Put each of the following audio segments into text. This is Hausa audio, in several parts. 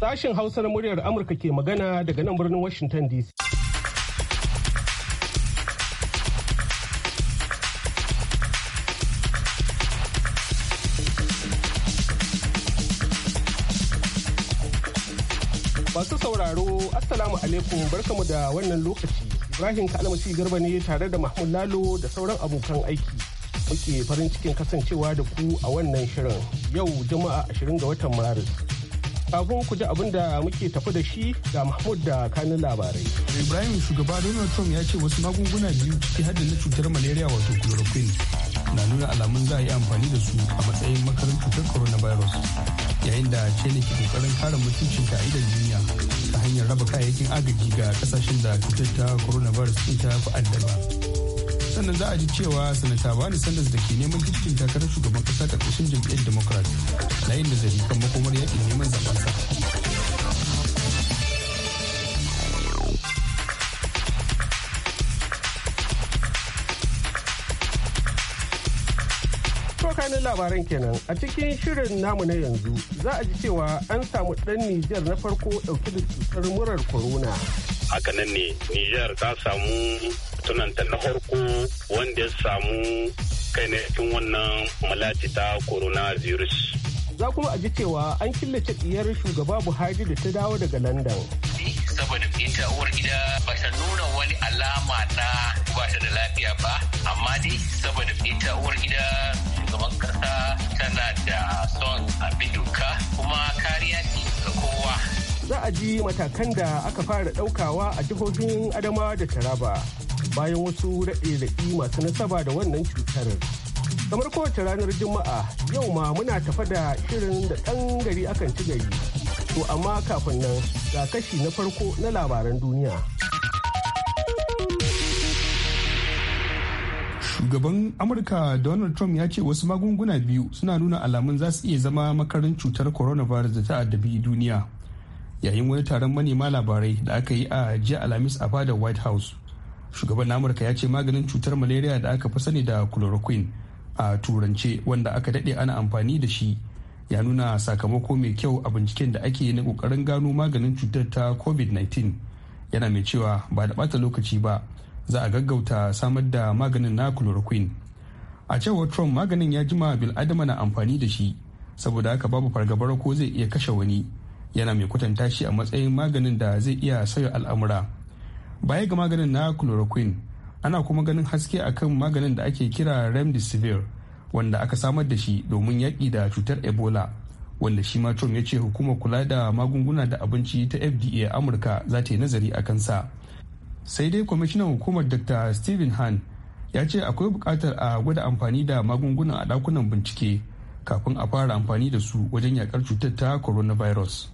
Sashen Hausa na muryar Amurka ke magana daga nan birnin Washington DC. Masu sauraro, Assalamu alaikum barkamu da wannan lokaci. Ibrahim Kalmasi Garba ne tare da Mahmud Lalo da sauran abokan aiki. Muke farin cikin kasancewa da ku a wannan shirin yau Juma'a 20 ga watan Maris. Kafin ku ji abin da muke tafi da shi ga Mahmud da Kanun labarai. Ibrahim shugaba Donald Trump ya ce wasu magunguna biyu ciki har na cutar malaria wato chloroquine na nuna alamun za a yi amfani da su a matsayin makarin cutar coronavirus yayin da ne ke kokarin kare mutuncin ta idan duniya ta hanyar raba kayayyakin agaji ga kasashen da cutar ta coronavirus ta fi addaba. sannan za a ji cewa sanata bani sanders da ke neman tikitin takarar shugaban kasa karkashin jam'iyyar democrat na yin nazari kan makomar yaƙi neman zaben sa kanin labaran kenan a cikin shirin namu na yanzu za a ji cewa an samu ɗan Nijar na farko dauke da cutar murar corona. Haka ne Nijar ta samu tunanta na farko wanda ya samu kai ne cikin wannan malati ta coronavirus. Za kuma a ji cewa an killace ɗiyar shugaba Buhari da ta dawo daga London. saboda fita uwar gida ba ta nuna wani alama na ba ta da lafiya ba amma dai saboda fita uwar gida shugaban kasa tana da son abin doka kuma kariya ce ga kowa za a ji matakan da aka fara ɗaukawa a jihohin adamawa da taraba bayan wasu raɗe-raɗi masu nasaba da wannan cutar. Kamar kowace ranar Juma'a yau ma muna tafa da shirin da ɗan gari akan ci gari. To amma kafin nan ga kashi na farko na labaran duniya. shugaban amurka donald trump ya ce wasu magunguna biyu suna nuna alamun za su iya zama makarin cutar coronavirus da ta addabi duniya yayin wani taron manema labarai da aka yi a jiya alhamis a fadar white house shugaban amurka ya ce maganin cutar malaria da aka fi sani da chloroquine a turance wanda aka daɗe ana amfani da shi ya nuna sakamako mai kyau a binciken da ake na kokarin gano maganin cutar ta covid-19 yana mai cewa ba da ɓata lokaci ba za a gaggauta samar da maganin na chloroquine a cewar trump maganin ya jima bil adama na amfani da shi saboda haka babu fargabar ko zai iya kashe wani yana mai kwatanta shi a matsayin maganin da zai iya sauya al'amura baya ga maganin na chloroquine ana kuma ganin haske a kan maganin da ake kira remdesivir wanda aka samar da shi domin yaƙi da cutar ebola wanda shi ma ya ce hukumar kula da magunguna da abinci ta fda amurka za ta yi nazari a kansa sai dai kwamishinan hukumar dr steven han ya ce akwai buƙatar a gwada amfani da magunguna a ɗakunan bincike kafin a fara amfani da su wajen yakar cutar ta coronavirus.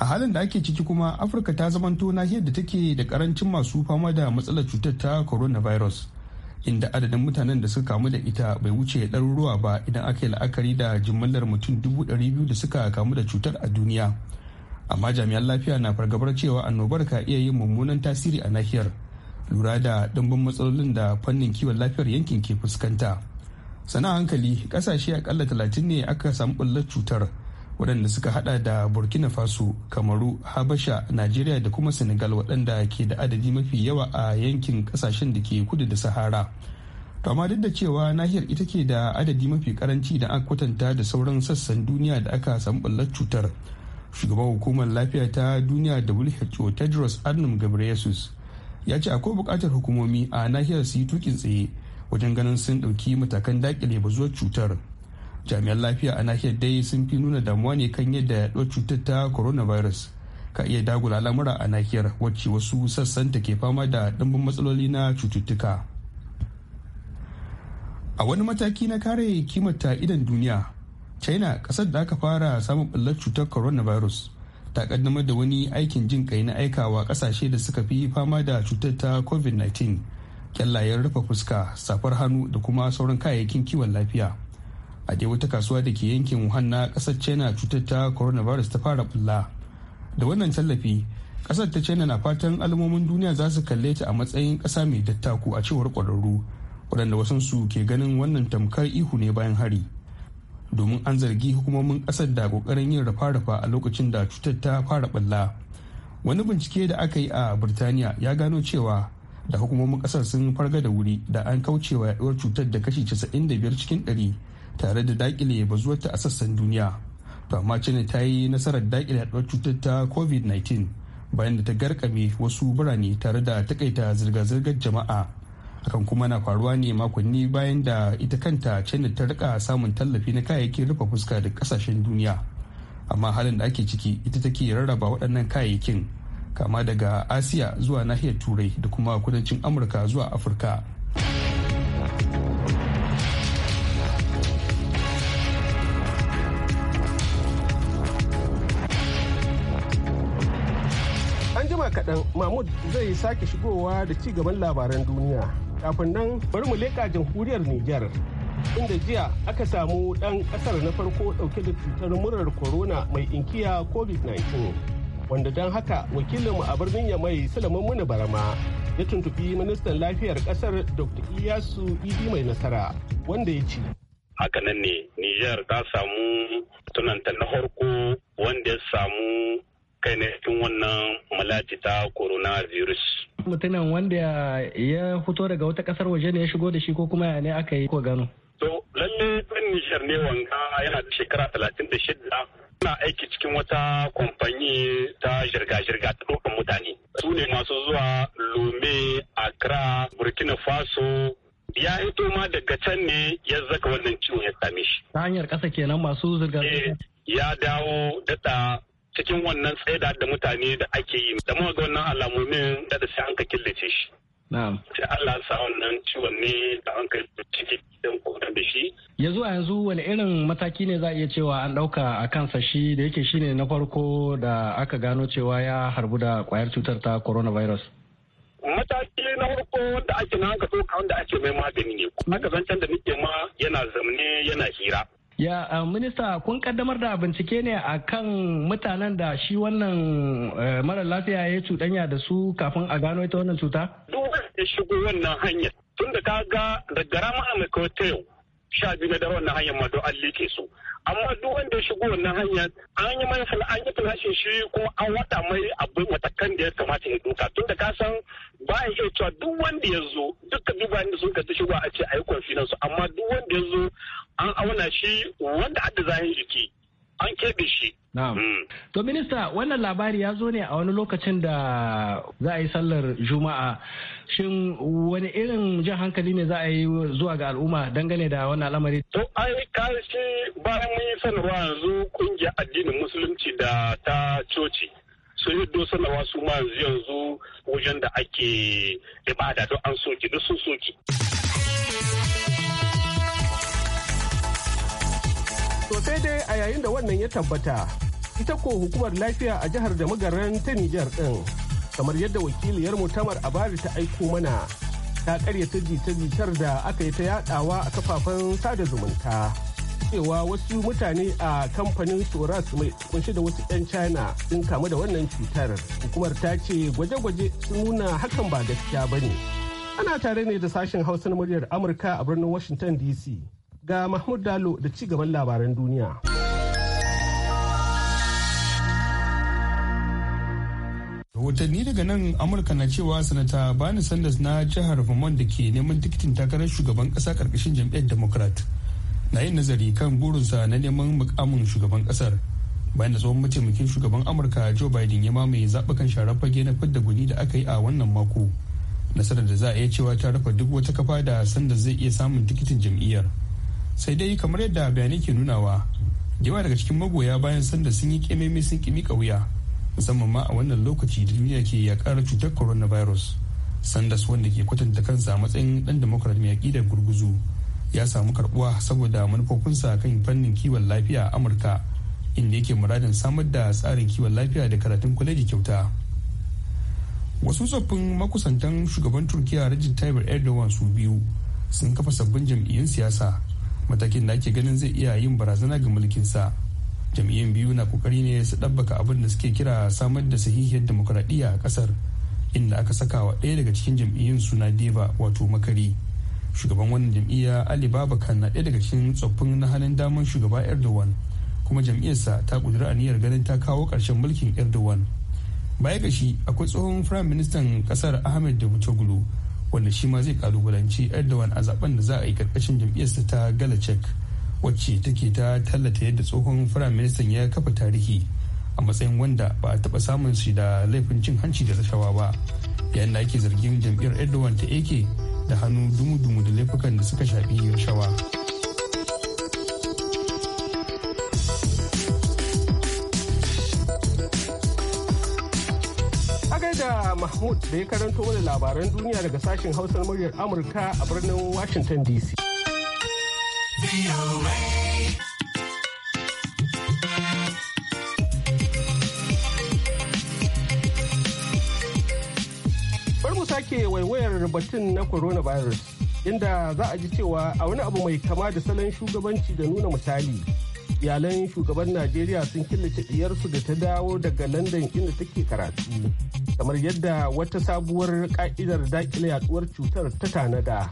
a halin da ake ciki kuma afirka ta zamanto nahiyar da take da karancin masu fama da matsalar cutar ta coronavirus inda adadin mutanen da suka kamu da ita bai wuce ɗaruruwa ba idan aka yi la'akari da jimillar mutum dubu ɗari biyu da suka kamu da cutar a duniya amma jami'an lafiya na fargabar cewa annobar ka iya yin mummunan tasiri a nahiyar lura da ɗumbin matsalolin da fannin kiwon lafiyar yankin ke fuskanta sana hankali ƙasashe akalla talatin ne aka samu ɓullar cutar waɗanda suka hada da burkina faso kamaru habasha najeriya da kuma senegal waɗanda ke da adadi mafi yawa a yankin ƙasashen da ke kudu da sahara to amma duk da cewa nahiyar ita ke da adadi mafi karanci da aka kwatanta da sauran sassan duniya da aka samu ɓallar cutar shugaban hukumar lafiya ta duniya who tedros adnum ghebreyesus ya ce akwai buƙatar hukumomi a nahiyar su yi tukin tsaye wajen ganin sun ɗauki matakan daƙile bazuwar cutar jami'an lafiya a nahiyar dai sun fi nuna damuwa ne kan yadda yaduwar cutar ta coronavirus ka iya dagula lamura a nahiyar wacce wasu sassan ke fama da ɗimbin matsaloli na cututtuka a wani mataki na kare kimanta idan duniya china ƙasar da aka fara samun ɓullar cutar coronavirus ta ƙaddamar da wani aikin jin kai na aikawa ƙasashe da suka fi fama da cutar ta covid-19 kyallayen rufe fuska safar hannu da kuma sauran kayayyakin kiwon lafiya a dai wata kasuwa da ke yankin wuhan na kasar china cutar ta coronavirus ta fara bulla da wannan tallafi kasar ta china na fatan alamomin duniya za su kalle ta a matsayin kasa mai dattaku a cewar kwararru waɗanda wasansu ke ganin wannan tamkar ihu ne bayan hari domin an zargi hukumomin ƙasar da kokarin yin rafa-rafa a lokacin da cutar ta fara balla wani bincike da aka yi a birtaniya ya gano cewa da hukumomin ƙasar sun farga da wuri da an kaucewa yaɗuwar cutar da kashi 95 cikin tare da dakile bazuwarta a sassan duniya to amma china ta yi nasarar dakile haɗuwar cutar ta covid-19 bayan da ta garkame wasu birane tare da takaita zirga-zirgar jama'a hakan kuma na faruwa ne makonni bayan da ita kanta china ta rika samun tallafi na kayayyakin rufe fuska da kasashen duniya amma halin da ake ciki ita take rarraba waɗannan kayayyakin kama daga asiya zuwa nahiyar turai da kuma kudancin amurka zuwa afirka kaɗan mahmud zai sake shigowa da ci gaban labaran duniya kafin nan bari mu leƙa jamhuriyar niger inda jiya aka samu ɗan ƙasar na farko ɗauke da cutar murar corona mai inkiya covid-19 wanda don haka wakilinmu a birnin yamai salamin muni barama ya tuntubi ministan lafiyar ƙasar dr iyasu idi mai nasara wanda ya ce haka nan ne Nijar ta samu tunanta na farko wanda ya samu kai ne cikin wannan malaci ta coronavirus. Mutumin wanda ya fito daga wata kasar waje ne ya shigo da shi ko kuma ya ne aka yi ko gano? To lalle ɗan nishar ne wanga yana da shekara talatin da shida na aiki cikin wata kwamfani ta jirga-jirga ta ɗaukan mutane. Su ne masu zuwa Lome, Accra, Burkina Faso, ya hito ma daga can ne ya zaka wannan ciwon ya same shi. Ta hanyar ƙasa kenan masu zirga-zirga. Eh, ya dawo daɗa cikin wannan tsaida da mutane da ake yi da muka ga wannan alamomin da sai an ka killace shi Sai Allah sa wannan ciwon ne da an kai ciki don kokarin da shi. Yanzu a yanzu wani irin mataki ne za a iya cewa an ɗauka a kansa shi da yake shi ne na farko da aka gano cewa ya harbu da kwayar cutar ta coronavirus. mataki na farko da ake na haka ɗauka wanda ake mai magani ne Aka ka zancen da muke ma yana zamne yana hira Ya eh, minista kun kaddamar da bincike ne a kan mutanen da shi wannan eh, mara lafiya ya cuɗanya da su kafin a gano ita wannan cuta? Duk da ya shigo wannan hanyar tun da ka ga daga rama a mai sha biyu na dare wannan hanyar ma don an leke su amma duk wanda ya shigo wannan hanyar an yi mai an yi filashin shi kuma an wata mai abin matakan da ya kamata ya duka tunda ka san ba ya iya cewa duk wanda ya zo duka duba inda sun ta shigo a ce a yi su amma duk wanda ya zo an auna shi wanda adda zahin jiki an keɓe shi Hmm. To minista wannan labari ya zo ne a wani lokacin da za a yi sallar Juma'a. Shin wani irin jan hankali ne za a yi zuwa ga al'umma dangane da wannan al'amari? To ai kashi bayan mun yi sanarwa yanzu kungiyar addinin musulunci da ta coci. sun yi sanarwa su ma yanzu yanzu wajen da ake ibada don an soki da sun soki. Sosai dai a yayin da wannan ya tabbata, ita ko hukumar lafiya a jihar da magaran ta Nijar ɗin, kamar yadda wakiliyar mutamar abari ta aiko mana, ta karyata jita-jitar da aka yi ta yadawa a kafafen sada zumunta. cewa wasu mutane a kamfanin soras mai kunshi da wasu 'yan china sun kamu da wannan cutar hukumar ta ce gwaje-gwaje sun nuna hakan ba gaskiya ba ne ana tare ne da sashen hausa na muryar amurka a birnin washington dc ga Mahmud Dalo da ci gaban labaran duniya. rahotanni daga nan amurka na cewa sanata bani sanders na jihar vermont da ke neman tikitin takarar shugaban kasa karkashin jam'iyyar democrat na yin nazari kan burinsa na neman mukamin shugaban kasar bayan da tsohon mataimakin shugaban amurka joe biden ya mamaye zaɓukan sharar fage na fidda guni da aka yi a wannan mako nasarar da za a iya cewa ta rufe duk wata kafa da sanders zai iya samun tikitin jam'iyyar sai dai kamar yadda bayanai ke nunawa yawa daga cikin magoya bayan sanda sun yi kememe sun kimi kauya musamman ma a wannan lokaci da duniya ke yakar cutar coronavirus sanders wanda ke kwatanta kansa a matsayin dan democrat mai aƙidar gurguzu ya samu karbuwa saboda manufofinsa kan fannin kiwon lafiya a amurka inda yake muradin samar da tsarin kiwon lafiya da karatun kwaleji kyauta wasu tsoffin makusantan shugaban turkiya rajin tayyip erdogan su biyu sun kafa sabbin jam'iyyun siyasa matakin da ake ganin zai iya yin barazana ga mulkin sa jam'iyyun biyu na kokari ne su ɗabbaka abin da suke kira samar da sahihiyar demokuraɗiyya a ƙasar inda aka saka wa ɗaya daga cikin jam'iyyun suna deva wato makari shugaban wannan jam'iyya ali babakan na ɗaya daga cikin tsoffin na hannun daman shugaba erdogan kuma jam'iyyarsa ta ƙudiri aniyar ganin ta kawo ƙarshen mulkin erdogan baya ga shi akwai tsohon firayim ministan ƙasar ahmed davutoglu wanda shi ma zai kalubalanci erdogan a zaben da za a yi karkashin jam'iyyarsa ta galacek wacce take ta tallata yadda tsohon firaministan ya kafa tarihi a matsayin wanda ba a taba samun shi da laifin cin hanci da rashawa ba yayin da ake zargin jam'iyyar erdogan ta ake da hannu dumu-dumu da laifukan da suka shafi rashawa. Mahmud da ya karanto mana labaran duniya daga sashen hausar muryar Amurka a birnin Washington DC. Bar mu sake waiwayar batun na coronavirus inda za a ji cewa a wani abu mai kama da salon shugabanci da nuna misali. iyalan shugaban najeriya sun killace diyarsu da ta dawo daga london inda take karatu kamar yadda wata sabuwar ka'idar dakile yaduwar cutar ta tanada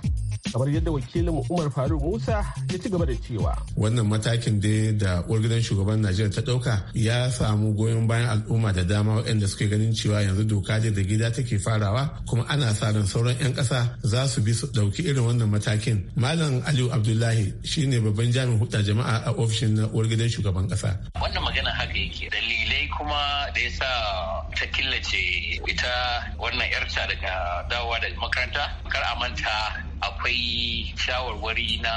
kamar yadda wakilin umar faruk musa ya ci gaba da cewa wannan matakin da da wargidan shugaban najeriya ta dauka ya samu goyon bayan al'umma da dama waɗanda suke ganin cewa yanzu doka da gida take farawa kuma ana sa ran sauran 'yan ƙasa za su bi su ɗauki irin wannan matakin malam aliyu abdullahi shine babban jami'in hudda jama'a a ofishin na wargidan shugaban ƙasa wannan magana haka yake dalilai kuma da ya sa ta killace ita wannan yarta daga dawowa da makaranta kar a manta akwai shawarwari na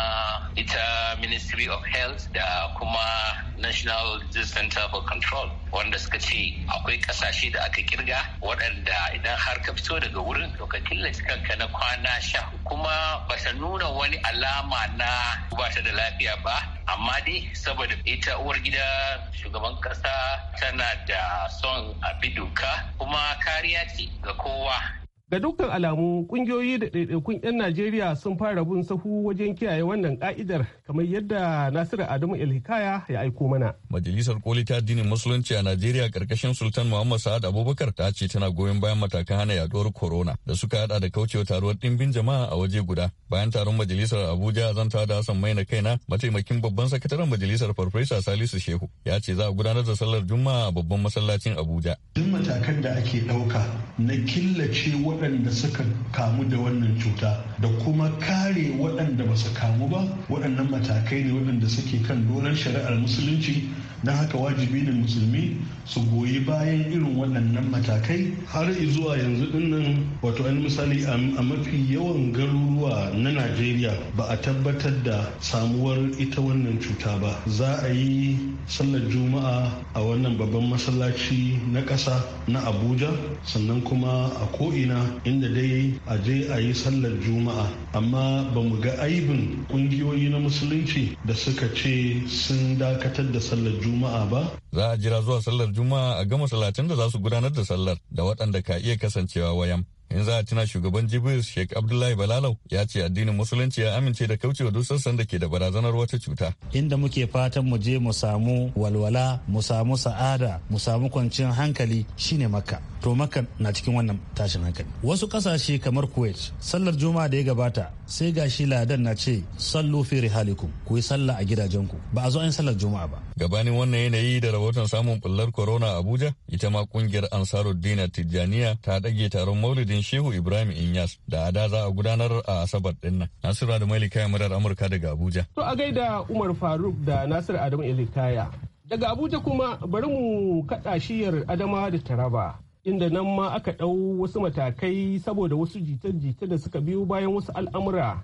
ita ministry of health da kuma national center for control wanda suka ce akwai kasashe da aka kirga waɗanda idan har ka fito daga wurin to ka killace kanka na kwana sha kuma ba ta nuna wani alama na ba da lafiya ba amma dai saboda ita uwar gida shugaban kasa tana da son a bi doka kuma kariya ce ga kowa Ga dukkan alamu kungiyoyi da ɗaiɗaikun 'yan Najeriya sun fara bin sahu wajen kiyaye wannan ka'idar kamar yadda Nasiru Adamu Ilhikaya ya aiko mana. Majalisar Koli ta addinin Musulunci a Najeriya karkashin Sultan Muhammad Sa'ad Abubakar ta ce tana goyon bayan matakan hana yaduwar corona da suka hada da kaucewa taruwar ɗimbin jama'a a waje guda. Bayan taron majalisar Abuja zan ta da Hassan Maina kaina mataimakin babban sakataren majalisar Farfesa Salisu Shehu ya ce za a gudanar da sallar Juma'a a babban masallacin Abuja. Duk matakan da ake ɗauka na killace waɗanda suka kamu da wannan cuta da kuma kare waɗanda ba su kamu ba waɗannan matakai ne waɗanda suke kan dolar shari'ar musulunci na haka wajibi ne musulmi su goyi bayan irin waɗannan matakai har zuwa yanzu dinnan wato an misali a mafi yawan garuruwa na najeriya ba a tabbatar da samuwar ita wannan cuta ba za a yi sallar juma'a a wannan babban masallaci na ƙasa na abuja sannan kuma a ko'ina inda dai a je a yi sallar juma'a jama'a amma ba mu ga aibin kungiyoyi na musulunci da suka ce sun dakatar da sallar juma'a ba za a jira zuwa sallar juma'a a gama salatin da za su gudanar da sallar da waɗanda ka iya kasancewa wayan in za a tuna shugaban jibril sheikh abdullahi balalau ya ce addinin musulunci ya amince da kaucewa wa sassan da ke da barazanar wata cuta inda muke fatan mu je mu samu walwala mu samu sa'ada mu samu kwanciyar hankali shine makka to makka na cikin wannan tashin hankali wasu kasashe kamar kuwait sallar juma'a da ya gabata sai gashi ladan na ce sallu fi rihalikum ku yi sallah a gidajenku ba a zo an sallar juma'a ba gabanin wannan yanayi da rahoton samun bullar corona a abuja ita ma kungiyar ansaruddin tijjaniya ta dage taron maulidin marigayin Shehu Ibrahim Inyas da ada za a gudanar a Asabar din nan. Nasiru adamu elikaya murar Amurka daga Abuja. To a gaida Umar Faruk da Nasir Adamu Elikaya. Daga Abuja kuma bari mu kaɗa shiyar adama da Taraba. Inda nan ma aka ɗau wasu matakai saboda wasu jita-jita da suka biyo bayan wasu al'amura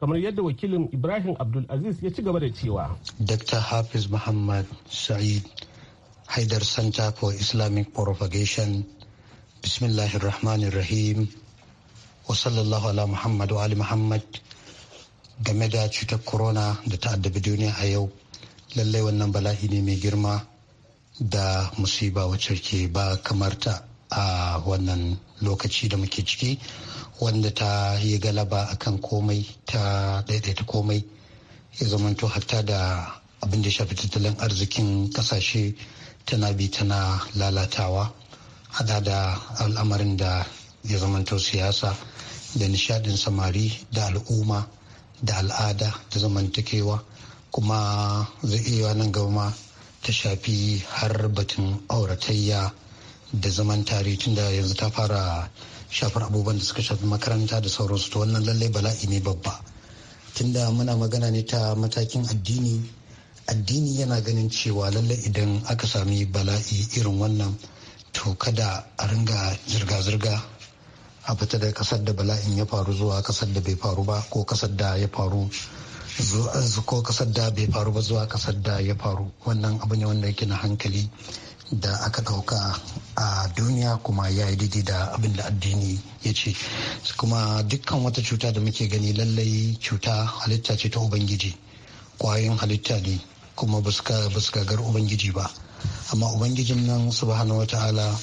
kamar yadda wakilin Ibrahim Abdulaziz ya ci gaba da cewa. Dr. Hafiz Muhammad Sa'id Haidar Center for Islamic Propagation bismillahir rahmanir rahim ala muhammad wa muhammad game da cutar corona da ta'addabi duniya a yau lallai wannan bala'i ne mai girma da musiba wacce ke ba kamarta a wannan lokaci da muke ciki wanda ta yi galaba akan komai ta daidaita komai ya zamanto hatta da abin da shafi tattalin arzikin kasashe tana bi tana lalatawa hada da al'amarin da ya zamanto siyasa da nishadin samari da al'umma da al'ada da zamantakewa kuma zai iya nan gama ta shafi har batun auratayya da zaman tare tunda yanzu ta fara shafar abubuwan da suka shafi makaranta da sauransu ta wannan lallai bala'i ne babba tunda muna magana ne ta matakin addini addini yana ganin cewa lallai idan aka sami bala'i irin wannan to kada a ringa zirga-zirga a fita da kasar da bala'in ya faru zuwa kasar da bai faru ba ko kasar da ya faru ko kasar da bai faru ba zuwa kasar da ya faru wannan abu ne wanda yake na hankali da aka ɗauka a duniya kuma ya yi daidai da abin da addini ya ce kuma dukkan wata cuta da muke gani lallai cuta halitta ce ta ubangiji kwayoyin halitta ne kuma ba su gar ubangiji ba amma ubangijin nan subhanahu wata'ala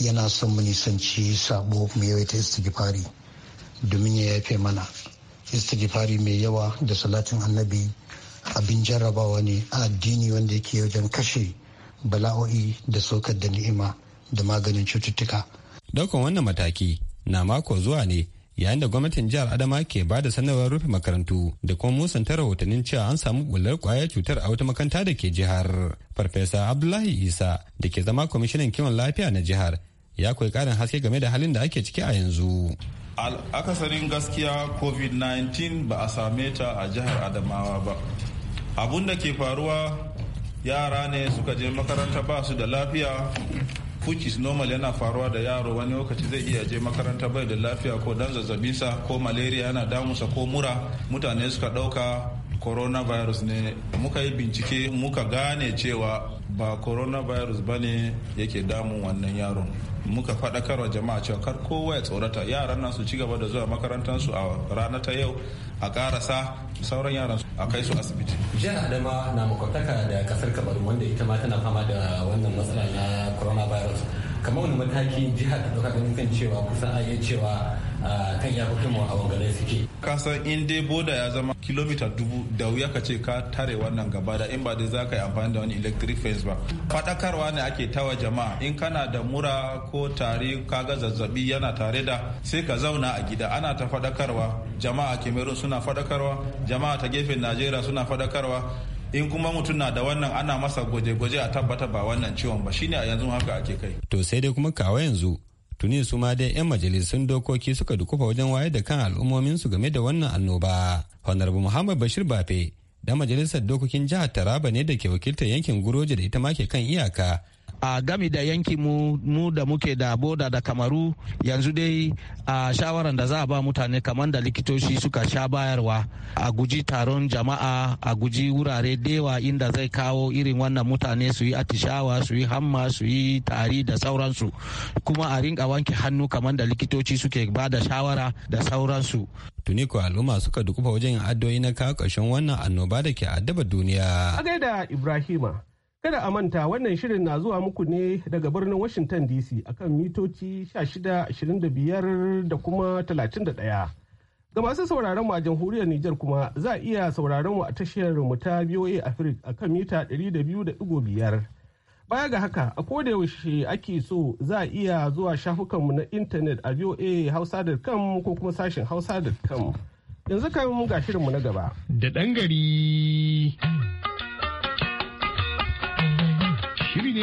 yana son mu nisanci sabo mu yawaita istighfari domin ya yafe mana istighfari mai yawa da salatin annabi abin jarrabawa ne a addini wanda yake wajen kashe bala'o'i da saukar da ni'ima da maganin cututtuka daukan wannan mataki na mako zuwa ne yayin da gwamnatin jihar adama ke ba da sanarwar rufe makarantu da kuma musanta rahotannin cewa an samu bullar kwayar cutar a wata makanta da ke jihar farfesa abdullahi isa da ke zama kwamishinan kiwon lafiya na jihar ya koyi karin haske game da halin da ake ciki a yanzu akasarin gaskiya covid-19 ba a same ta a jihar adamawa ba abun da ke faruwa yara ne suka je makaranta ba su da lafiya fukis normal yana faruwa da yaro wani lokaci zai iya je makaranta bai da lafiya ko dan zazzabinsa ko malaria yana damunsa ko mura mutane suka ɗauka coronavirus ne muka yi bincike muka gane cewa ba coronavirus ba ne yake damun wannan yaron muka faɗakarwa jama'a cewa kar kowa ya tsorata yaran nan su ci gaba da zuwa makarantarsu a rana ta yau a karasa sauran yaran a kai su asibiti. jihar adama na makwataka da kasar kabaru wanda ita ma tana fama da wannan matsala na coronavirus kamar wani mataki jiha ta ɗauka ganin cewa kusan a cewa kan yakokin mu a wangare suke kasan in dai boda ya zama kilomita dubu da wuya ka ce ka tare wannan gaba da in ba dai za ka yi amfani da wani electric fence ba faɗakarwa ne ake tawa jama'a in kana da mura ko tari kaga zazzabi yana tare da sai ka zauna a gida ana ta faɗakarwa jama'a cameroon suna faɗakarwa jama'a ta gefen najeriya suna faɗakarwa in kuma mutum na da wannan ana masa gwaje-gwaje a tabbata ba wannan ciwon ba shine a yanzu haka ake kai to sai dai kuma kawo yanzu tuni su ma dai 'yan majalisun dokoki suka dukufa wajen wayar da kan al'ummominsu game da wannan annoba honorable muhammad bashir bafe dan majalisar dokokin jihar taraba ne da ke wakiltar yankin guroje da ita ma ke kan iyaka a game da yanki mu, da muke da boda da kamaru yanzu dai a shawaran da za a ba mutane kamar da likitoci suka sha bayarwa a guji taron jama'a a guji wurare dewa inda zai kawo irin wannan mutane su yi atishawa su yi hamma su yi tari da sauransu kuma a rinka wanke hannu kamar da likitoci suke ba da shawara da sauransu tuni ko al'umma suka dukufa wajen addu'o'i na kawo ƙarshen wannan annoba da ke addaba duniya. A gaida Ibrahima Kada a manta wannan shirin na zuwa muku ne daga birnin Washington DC akan mitoci 1625 da kuma 31. Ga masu sauraron mu a jamhuriyar Nijar kuma za a iya sauraron mu a tashar mu ta BOA Africa akan mita 200.5. Baya ga haka a koda yaushe ake so za a iya zuwa shafukanmu na intanet a voa Hausa.com ko kuma sashen hausa.com. Yanzu kan ga mu na gaba. Da ɗan gari.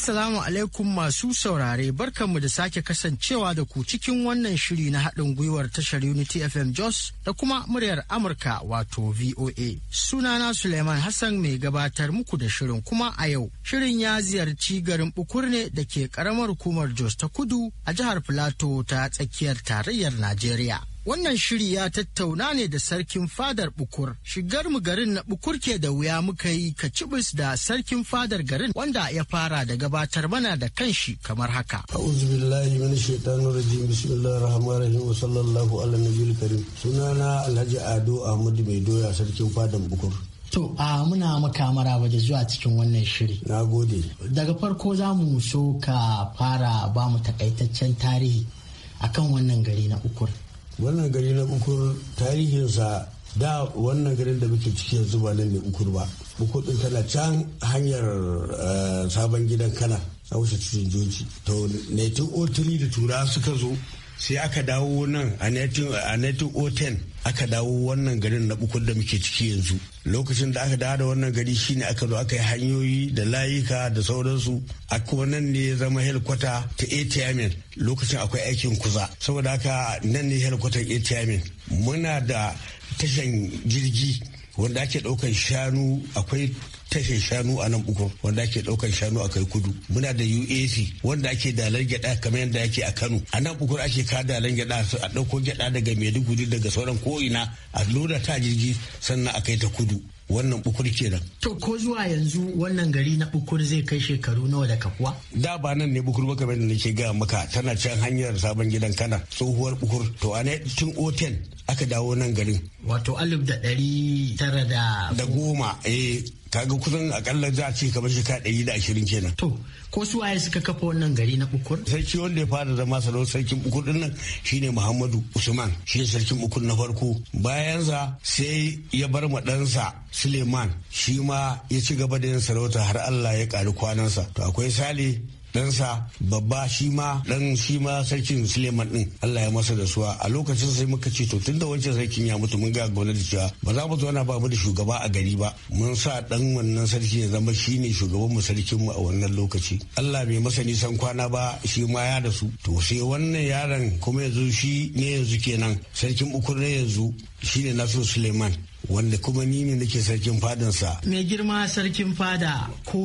Assalamu alaikum masu saurare barkanmu da sake kasancewa da ku cikin wannan shiri na haɗin gwiwar tashar Unity FM Jos da kuma muryar Amurka wato VOA. Sunana Suleiman Hassan mai gabatar muku da shirin kuma a yau. Shirin ya ziyarci garin Bukurne da ke ƙaramar hukumar Jos ta kudu a jihar Filato ta tsakiyar tarayyar Najeriya. Wannan shiri ya tattauna ne da sarkin fadar Bukur. Shigar mu garin na Bukur ke da wuya muka yi ka cibis da sarkin fadar garin wanda ya fara da gabatar mana da kanshi kamar haka. A'udhu billahi minash shaitanir rajim bismillahir rahmanir rahim wa sallallahu ala nabiyil karim. Sunana Alhaji Ado Ahmad Mai Doya sarkin fadar Bukur. To a muna maka maraba da zuwa cikin wannan shiri. Na gode. Daga farko za mu so ka fara ba mu takaitaccen tarihi akan wannan gari na bukur. wannan gari na ukur tarihinsa da wannan garin da muke ciki yanzu ba nan ne ukur ba ukur din tana can hanyar eh, sabon gidan kana a wasu cikin joji to 1903 da tura suka zo sai aka dawo nan a a 1910 aka dawo wannan garin na bukun da muke ciki yanzu lokacin da aka dawo da wannan gari shine aka zo aka yi hanyoyi da layuka da sauransu a kuma nan ne ya zama helikwata ta atm lokacin akwai aikin kuza saboda haka nan ne helikwatar atm muna da tashan jirgi wanda ake ɗaukan shanu akwai tashin shanu a nan ukun wanda ake daukan shanu a kai kudu muna da uac wanda ake dalar gyada kamar yadda ake a kano a nan bukur ake ka dalar gyada a dauko gyada daga maiduguri daga sauran ko'ina a loda ta jirgi sannan a kai ta kudu wannan bukur kenan. To ko zuwa yanzu wannan gari na bukur zai kai shekaru nawa da kafuwa? Da ba nan ne bukur ba kamar da nake gaya maka tana can hanyar sabon gidan kana tsohuwar bukur to a tun otel aka dawo nan garin. Wato alif da ɗari tara Da goma eh Ka ga kusan akalla za a ce kamar shekara ɗari da ashirin kenan. To ko su waye suka kafa wannan gari na ukur? Sarki wanda ya fara zama sarau sarkin ukur din nan shine Muhammadu Usman shi ne sarkin ukur na farko bayansa sai ya bar ma ɗansa Suleiman shi ma ya ci gaba da yin sarauta har Allah ya ƙari kwanansa to akwai Sale ɗansa babba shi ma ɗan shi ma sarkin suleiman ɗin allah ya masa da suwa a lokacin sai muka ce to tun da wancan sarkin ya mutu mun ga gwamnati cewa ba za mu zauna ba mu da shugaba a gari ba mun sa ɗan wannan sarki ya zama shi ne shugaban mu sarkin mu a wannan lokaci allah bai masa nisan kwana ba shi ma ya da su to sai wannan yaron kuma yanzu shi ne yanzu kenan sarkin ukur ne yanzu ne nasiru suleiman wanda kuma ni ne nake sarkin fadansa. Mai girma sarkin fada ko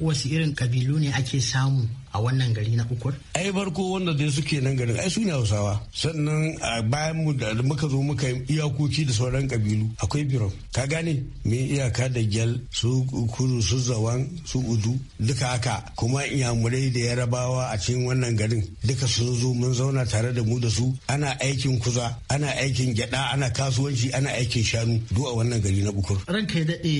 wasu irin kabilu ne ake samu a wannan gari na Ukur? Ai barko wanda dai suke nan garin ai su ne Hausawa. Sannan a bayan mu da muka zo muka yi iyakoki da sauran kabilu akwai biron. Ka gane me iyaka da gyal su kudu su zawan su udu duka haka kuma inyamurai da yarabawa a cikin wannan garin duka sun zo mun zauna tare da mu da su ana aikin kuza ana aikin gyada ana kasuwanci ana aikin shanu duk a wannan gari na bukur Ranka ya daɗe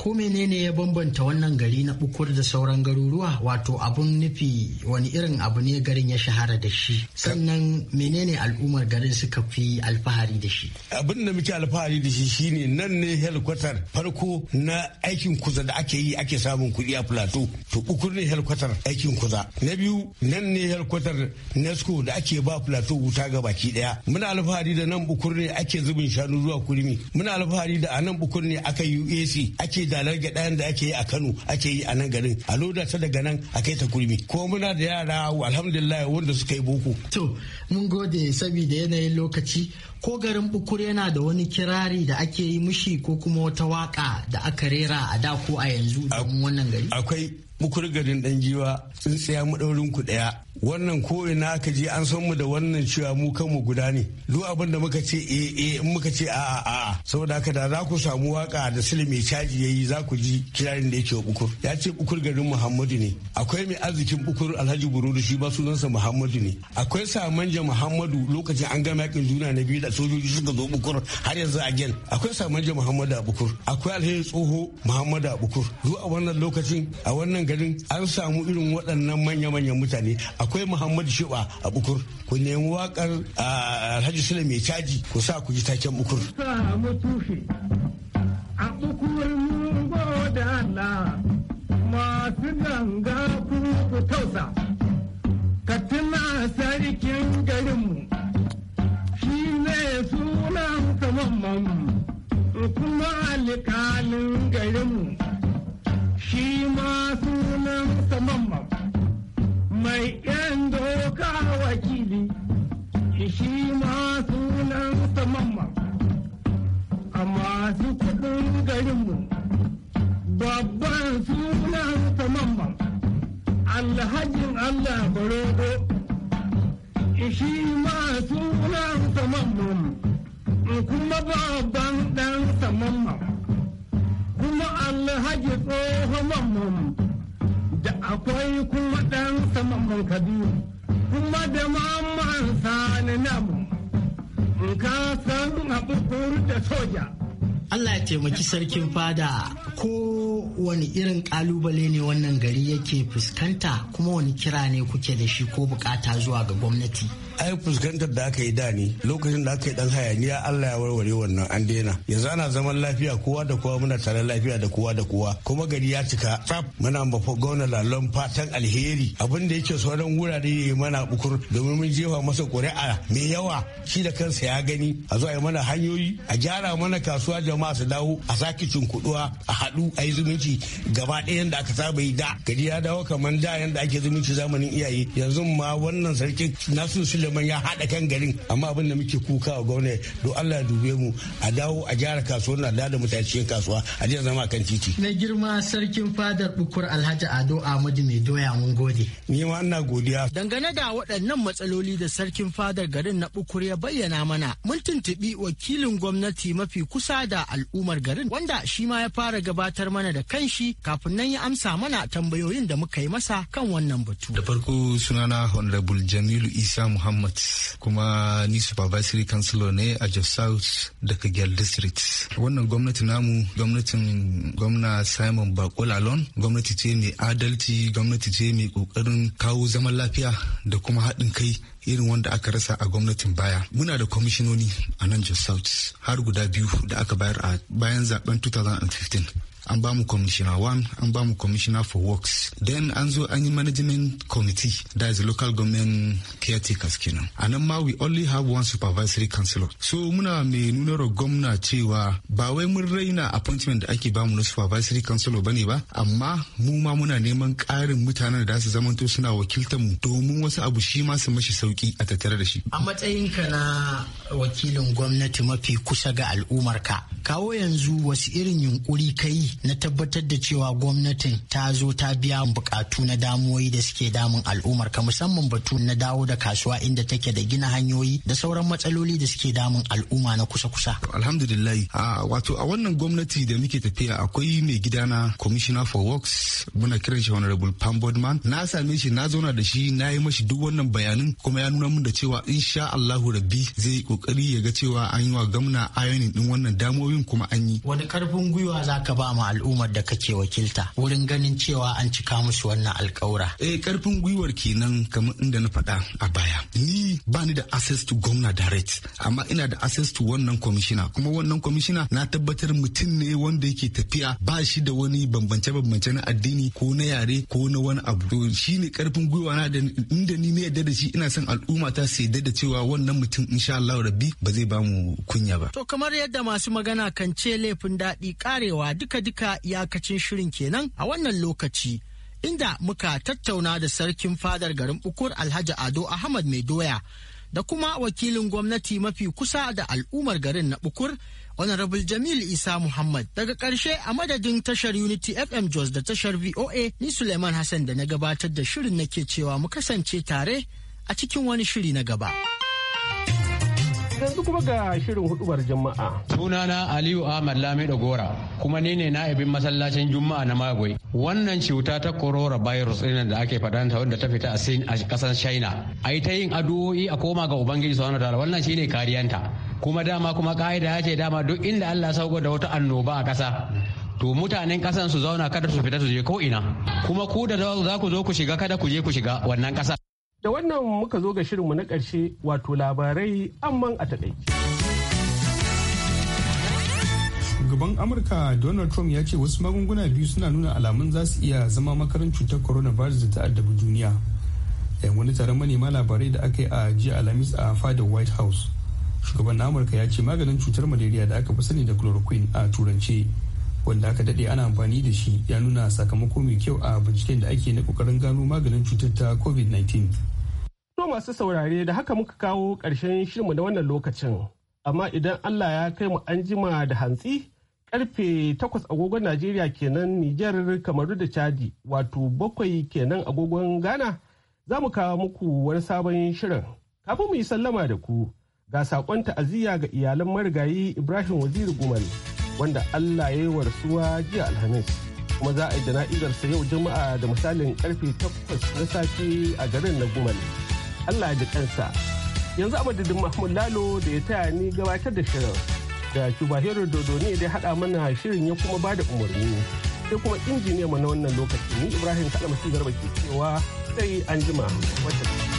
ko menene ya bambanta wannan gari na bukur da sauran garuruwa wato abun nufi wani irin abu ne garin ya shahara da shi sannan menene al'ummar garin suka fi alfahari da shi abin da muke alfahari da shi shine nan ne helkwatar farko na aikin kuza da ake yi ake samun kuɗi a plateau to bukur ne helkwatar aikin kuza na biyu nan ne helkwatar nesco da ake ba plateau wuta ga baki daya muna alfahari da nan bukur ne ake zubin shanu zuwa kurmi muna alfahari da a nan bukur ne aka yi uac ake dalar gyaɗa da ake yi a Kano ake yi a nan garin a loda ta daga nan a kai ta kurmi ko muna da yara alhamdulillah wanda suka yi boko. To mun gode saboda yanayin lokaci ko garin bukur yana da wani kirari da ake yi mushi ko kuma wata waka da aka rera a da ko a yanzu domin wannan gari. Akwai bukur garin dan jiwa tsintsiya madaurin ku daya wannan ko ina aka je an san mu da wannan cewa mu kanmu guda ne duk abin da muka ce e e in muka ce a a a saboda haka da za ku samu waka da sule mai caji yayi za ku ji kirarin da yake bukur ya ce bukur garin muhammadu ne akwai mai arzikin bukur alhaji burudu shi ba sunansa muhammadu ne akwai samanja muhammadu lokacin an gama yakin juna na biyu da sojoji suka zo bukur har yanzu a gen akwai samanja muhammadu a bukur akwai alhaji tsoho muhammadu a bukur duk a wannan lokacin a wannan garin an samu irin waɗannan manya-manyan mutane akwai muhammad shiba a bukur ku nemi wakar alhaji sule mai caji ku sa ku ji taken bukur a bukur mun goda masu ganga ku ku tausa ka tuna sarkin garinmu shi ne sunan kamamman kuma alƙalin garinmu shi ma sunan kamamman mai yan doka wakili shi ma nan mamma a masu kudin garinmu babban sunan mamma alhajin allah barodo shi ma sunan mamma kuma babban dan mamma kuma alhaji tsohon mamma akwai kuma ɗan saman kabiru kuma da mamman sani namu in ka san haɓukur da soja Allah ya taimaki sarkin fada ko wani irin kalubale ne wannan gari yake fuskanta kuma wani kira ne kuke da shi ko bukata zuwa ga gwamnati ai fuskantar da aka yi da ne lokacin da aka yi dan hayaniya Allah ya warware wannan an daina yanzu ana zaman lafiya kowa da kowa muna tare lafiya da kowa da kowa kuma gari ya cika tsaf muna mafa gauna lalon fatan alheri abin da yake sauran wurare ya mana bukur domin mun jefa masa ƙuri'a mai yawa shi da kansa ya gani a zo a yi mana hanyoyi a gyara mana kasuwa jama'a su dawo a sake kuɗuwa a haɗu a yi zumunci gaba ɗaya yadda aka saba yi da gari ya dawo kamar da yadda ake zumunci zamanin iyaye yanzu ma wannan sarki nasu suleiman ya haɗa kan garin amma abin da muke kuka a gwamnati don allah dube mu a dawo a gyara kasuwar na da mutane kasuwa a jiya zama kan titi. na girma sarkin fadar bukur alhaji ado ahmadu mai doya mun gode. ni ma ina godiya. dangane da waɗannan matsaloli da sarkin fadar garin na bukur ya bayyana mana mun tuntuɓi wakilin gwamnati mafi kusa da al'ummar garin wanda shi ma ya fara gabatar mana da kanshi kafin nan ya amsa mana tambayoyin da muka yi masa kan wannan batu. Da farko sunana Honorable Jamilu Isa Muhammad kuma ni supervisory councilor ne a Jos South daga Gyal District. Wannan gwamnati namu gwamnatin gwamna Simon Alon gwamnati ce mai adalci gwamnati ce mai kokarin kawo zaman lafiya da kuma haɗin kai irin wanda aka rasa a gwamnatin baya muna da kwamishinoni a nan south har guda biyu da aka bayar a bayan zaben 2015 an ba mu commissioner one an ba mu commissioner for works then an zo an yi management committee that is local government caretakers kenan a nan ma we only have one supervisory councillor so muna mai nunar gwamna cewa ba wai mun raina appointment da ake ba mu na supervisory councillor ne ba amma mu ma muna neman ƙarin mutanen da su zamanto suna wakiltar mu domin wasu abu shi ma su mashi sauki a tattare da shi a matsayin ka na wakilin gwamnati mafi kusa ga al'umarka kawo yanzu wasu irin yunkuri kai na tabbatar da cewa gwamnatin ta zo ta biya bukatu na damuwoyi da suke damun al'ummar ka musamman batu na dawo da kasuwa inda take da gina hanyoyi da sauran matsaloli da suke damun al'umma na kusa-kusa. Alhamdulillah a wato a wannan gwamnati da muke tafiya akwai mai gidana commissioner for works muna kiran shi honorable Pam Bodman na same shi na zauna da shi na yi mashi duk wannan bayanin kuma ya nuna min da cewa insha Allahu rabbi zai yi kokari ya ga cewa an yi wa Gwamna ayonin din wannan damoyin kuma an yi. Wani karfin gwiwa za ka ba ma al'ummar da kake wakilta wurin ganin cewa an cika musu wannan alkawura. Eh karfin gwiwar kenan kamar inda na faɗa a baya. Ni ba ni da access to gwamna direct amma ina da access to wannan commissioner kuma wannan commissioner na tabbatar mutum ne wanda yake tafiya ba shi da wani bambance-bambance na addini ko na yare ko na wani abu. Shi ne karfin gwiwa na da inda ni ne yadda da shi ina son al'umma ta su yadda da cewa wannan mutum insha Allah rabbi ba zai ba mu kunya ba. To kamar yadda masu magana kan ce laifin daɗi karewa duka duka iyakacin shirin kenan a wannan lokaci inda muka tattauna da sarkin fadar garin Bukur Alhaji Ado Ahmad Mai Doya da kuma wakilin gwamnati mafi kusa da al'ummar garin na Bukur Honorable Jamil Isa Muhammad daga karshe a madadin tashar Unity FM Jos da tashar VOA ni Suleiman Hassan da na gabatar da shirin nake cewa mu kasance tare a cikin wani shiri na gaba. yanzu kuma ga shirin hudubar jama'a. Sunana Aliyu Ahmad Lami Gora kuma ni ne na'ibin masallacin Juma'a na Magwai. Wannan cuta ta corona virus ɗin da ake ta wanda ta fita a sin a ƙasar China. Ai ta yin addu'o'i a koma ga Ubangiji Subhanahu wa wannan shine kariyanta. Kuma dama kuma ka'ida ya ce dama duk inda Allah ya da wata annoba a ƙasa to mutanen ƙasan su zauna kada su fita su je ko ina kuma ku da za ku zo ku shiga kada ku je ku shiga wannan ƙasa? Da wannan muka zo ga shirinmu na ƙarshe wato labarai amman a taƙaice. Shugaban Amurka Donald Trump ya ce wasu magunguna biyu suna nuna alamun za su iya zama makarin cutar coronavirus da ta addabi duniya. Yan wani taron manema labarai da aka yi a jiya Alhamis a fadar White House. Shugaban Amurka ya ce maganin cutar malaria da aka fi sani da chloroquine a turance wanda aka dade ana amfani da shi ya nuna sakamako mai kyau a binciken da ake na kokarin gano maganin cutar ta covid-19 to masu saurare da haka muka kawo karshen shirinmu na wannan lokacin amma idan allah ya kai mu anjima da hantsi karfe 8 agogon najeriya kenan nijar kamaru da chadi wato bakwai kenan agogon ghana za mu kawo muku wani sabon shirin kafin mu yi sallama da ku ga saƙon ta'aziyya ga iyalan marigayi ibrahim waziri gumal wanda Allah ya yi warsuwa jiya Alhamis. Kuma za a yi jana'izar sa yau Juma'a da misalin karfe takwas na sati a garin na Gumal. Allah ya ji kansa. Yanzu a madadin Mahmud Lalo da ya taya ni gabatar da shirin. Da Cuba Hero Dodo ne da haɗa mana shirin ya kuma bada umarni. Sai kuma injiniya mu na wannan lokaci ni Ibrahim Kalamasi Garba ke cewa sai an jima wata.